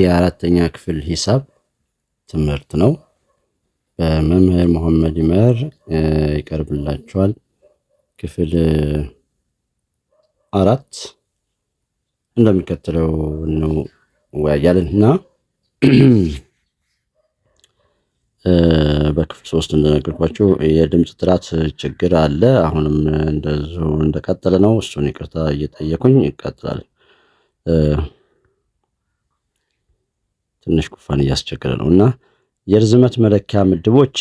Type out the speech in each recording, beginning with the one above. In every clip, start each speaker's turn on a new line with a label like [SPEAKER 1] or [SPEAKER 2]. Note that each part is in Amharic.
[SPEAKER 1] የአራተኛ ክፍል ሂሳብ ትምህርት ነው። በመምህር መሐመድ ይመር ይቀርብላችኋል። ክፍል አራት እንደሚከተለው እንወያያለን እና በክፍል ሶስት እንደነገርኳችሁ የድምፅ ጥራት ችግር አለ። አሁንም እንደዚሁ እንደቀጠለ ነው። እሱን ይቅርታ እየጠየኩኝ ይቀጥላል። ትንሽ ጉንፋን እያስቸገረ ነው እና የርዝመት መለኪያ ምድቦች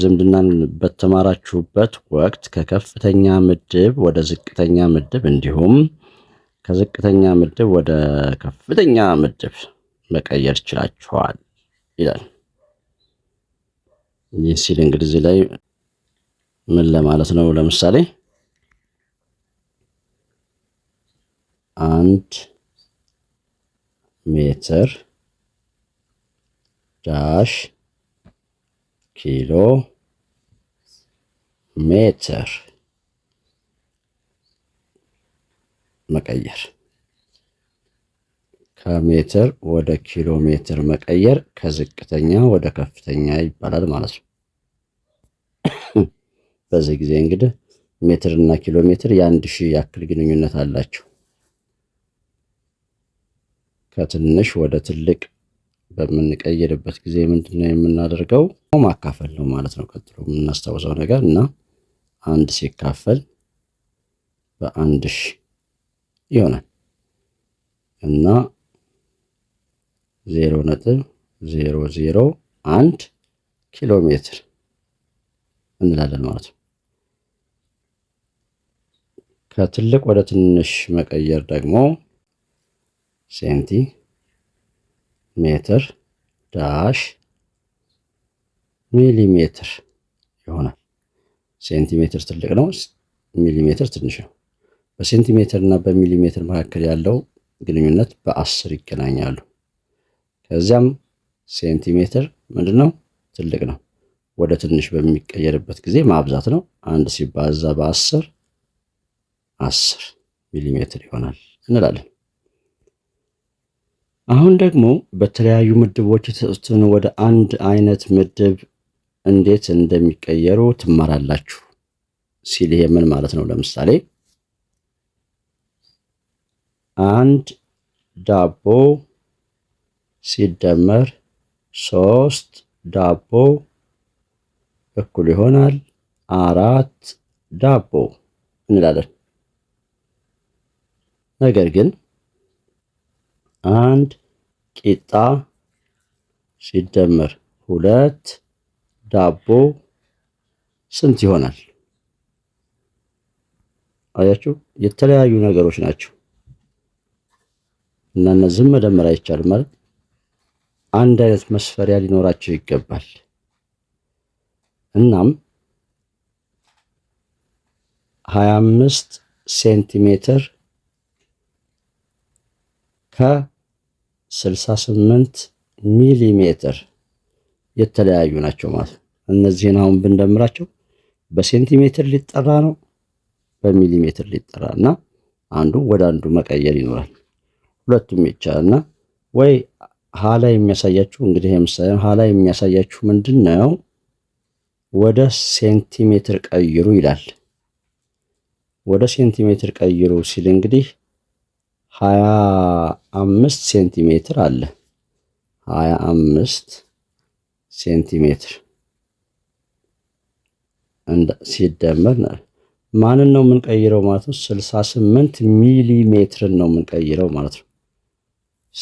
[SPEAKER 1] ዝምድናን በተማራችሁበት ወቅት ከከፍተኛ ምድብ ወደ ዝቅተኛ ምድብ እንዲሁም ከዝቅተኛ ምድብ ወደ ከፍተኛ ምድብ መቀየር ችላችኋል ይላል። ይህ ሲል እንግዲህ እዚህ ላይ ምን ለማለት ነው? ለምሳሌ አንድ ሜትር ዳሽ ኪሎ ሜትር መቀየር ከሜትር ወደ ኪሎ ሜትር መቀየር ከዝቅተኛ ወደ ከፍተኛ ይባላል ማለት ነው። በዚህ ጊዜ እንግዲህ ሜትር እና ኪሎ ሜትር የአንድ ሺህ ያክል ግንኙነት አላቸው። ከትንሽ ወደ ትልቅ በምንቀይርበት ጊዜ ምንድነው የምናደርገው? ማካፈል ነው ማለት ነው። ቀጥሎ የምናስታውሰው ነገር እና አንድ ሲካፈል በአንድ ሺ ይሆናል እና ዜሮ ነጥብ ዜሮ ዜሮ አንድ ኪሎ ሜትር እንላለን ማለት ነው። ከትልቅ ወደ ትንሽ መቀየር ደግሞ ሴንቲ ሜትር ዳሽ ሚሊሜትር ይሆናል። ሴንቲሜትር ትልቅ ነው፣ ሚሊሜትር ትንሽ ነው። በሴንቲሜትር እና በሚሊሜትር መካከል ያለው ግንኙነት በአስር ይገናኛሉ። ከዚያም ሴንቲሜትር ምንድን ነው? ትልቅ ነው። ወደ ትንሽ በሚቀየርበት ጊዜ ማብዛት ነው። አንድ ሲባዛ በአስር አስር ሚሊሜትር ይሆናል እንላለን። አሁን ደግሞ በተለያዩ ምድቦች የተሰጡትን ወደ አንድ አይነት ምድብ እንዴት እንደሚቀየሩ ትማራላችሁ ሲል ይሄ ምን ማለት ነው? ለምሳሌ አንድ ዳቦ ሲደመር ሶስት ዳቦ እኩል ይሆናል አራት ዳቦ እንላለን። ነገር ግን አንድ ቂጣ ሲደመር ሁለት ዳቦ ስንት ይሆናል? አያችሁ፣ የተለያዩ ነገሮች ናቸው እና እነዚህም መደመር አይቻልም ማለት አንድ አይነት መስፈሪያ ሊኖራቸው ይገባል። እናም 25 ሴንቲሜትር ከ 68 ሚሊ ሜትር የተለያዩ ናቸው ማለት ነው። እነዚህን አሁን ብንደምራቸው በሴንቲሜትር ሊጠራ ነው፣ በሚሊ ሜትር ሊጠራ እና አንዱ ወደ አንዱ መቀየር ይኖራል። ሁለቱም እና ወይ ሀላ የሚያሳያችሁ እንግዲህ ምሳሌ ሀላ የሚያሳያችሁ ምንድን ነው? ወደ ሴንቲሜትር ቀይሩ ይላል። ወደ ሴንቲሜትር ቀይሩ ሲል እንግዲህ ሀያ አምስት ሴንቲሜትር አለ። ሀያ አምስት ሴንቲሜትር ሲደመር ማንን ነው የምንቀይረው ማለት ነው? ስልሳ ስምንት ሚሊ ሜትርን ነው የምንቀይረው ማለት ነው።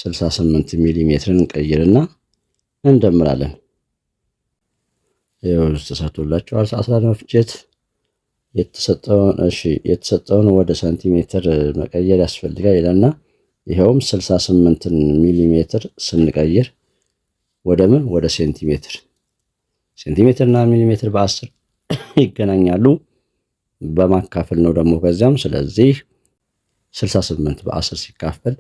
[SPEAKER 1] ስልሳ ስምንት ሚሊ ሜትርን እንቀይርና እንደምራለን። ይኸው ተሳክቶላችኋል። አስራ አንድ የተሰጠውን እሺ የተሰጠውን ወደ ሳንቲሜትር መቀየር ያስፈልጋል ይለና ይኸውም 68 ሚሊ ሜትር ስንቀይር ወደ ምን ወደ ሴንቲሜትር ሴንቲሜትር ሚሊሜትር በ ሜትር በአስር ይገናኛሉ በማካፈል ነው ደግሞ ከዚያም ስለዚህ 68 በአስር ሲካፈል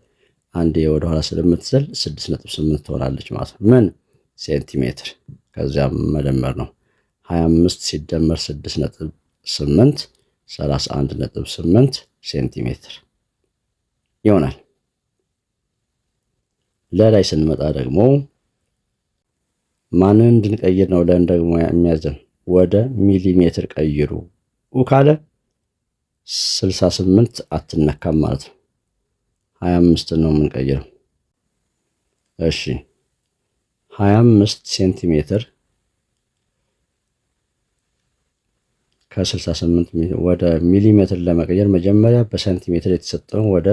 [SPEAKER 1] አንድ ወደኋላ ስለምትዘል 6.8 ትሆናለች ማለት ነው ምን ሴንቲሜትር ከዚያም መደመር ነው 25 ሲደመር 6 8 31.8 ሴንቲሜትር ይሆናል። ለላይ ስንመጣ ደግሞ ማንን እንድንቀይር ነው? ለን ደግሞ የሚያዘን ወደ ሚሊሜትር ቀይሩ ካለ 68 አትነካም ማለት ነው። 25 ነው የምንቀይረው። እሺ 25 ሴንቲሜትር ከ68 ወደ ሚሊሜትር ለመቀየር መጀመሪያ በሴንቲሜትር የተሰጠውን ወደ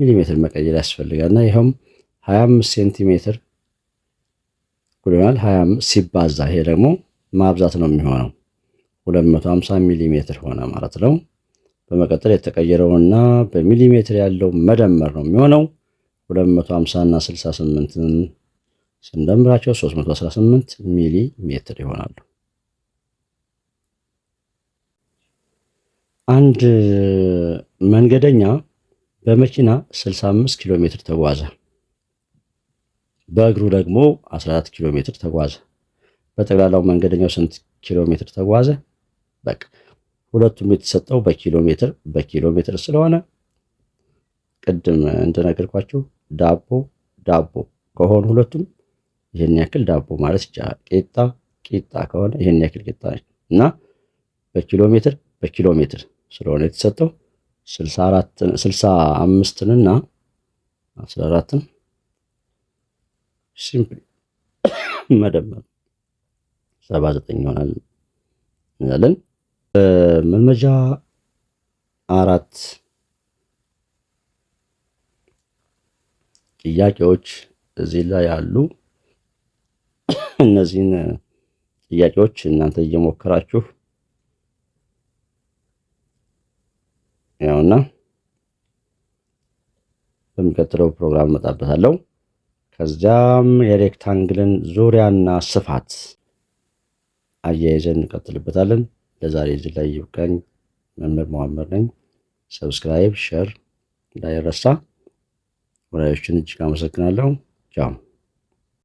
[SPEAKER 1] ሚሊሜትር መቀየር ያስፈልጋል እና ይኸውም 25 ሴንቲሜትር ጉልናል 25 ሲባዛ ይሄ ደግሞ ማብዛት ነው የሚሆነው 250 ሚሊሜትር ሆነ ማለት ነው። በመቀጠል የተቀየረውና በሚሊሜትር ያለው መደመር ነው የሚሆነው 250 እና 68ን ስንደምራቸው 318 ሚሊ ሜትር ይሆናሉ። አንድ መንገደኛ በመኪና 65 ኪሎ ሜትር ተጓዘ። በእግሩ ደግሞ 14 ኪሎ ሜትር ተጓዘ። በጠቅላላው መንገደኛው ስንት ኪሎ ሜትር ተጓዘ? በቃ ሁለቱም የተሰጠው በኪሎ ሜትር በኪሎ ሜትር ስለሆነ ቅድም እንደነገርኳችሁ ዳቦ ዳቦ ከሆኑ ሁለቱም ይህን ያክል ዳቦ ማለት ይቻላል። ቂጣ ቂጣ ከሆነ ይህን ያክል ቂጣ እና በኪሎ ሜትር በኪሎ ሜትር ስለሆነ የተሰጠው ስልሳ አምስትንና አስራ አራትን ሲምፕሊ መደመር ሰባ ዘጠኝ ይሆናል እንላለን። መልመጃ አራት ጥያቄዎች እዚህ ላይ ያሉ እነዚህን ጥያቄዎች እናንተ እየሞከራችሁ ያውና በሚቀጥለው ፕሮግራም እመጣበታለሁ። ከዚያም የሬክታንግልን ዙሪያና ስፋት አያይዘን እንቀጥልበታለን። ለዛሬ እዚህ ላይ ይብቃኝ። መምህር መዋመር ነኝ። ሰብስክራይብ፣ ሸር እንዳይረሳ። ወዳጆችን እጅግ አመሰግናለሁ። ቻው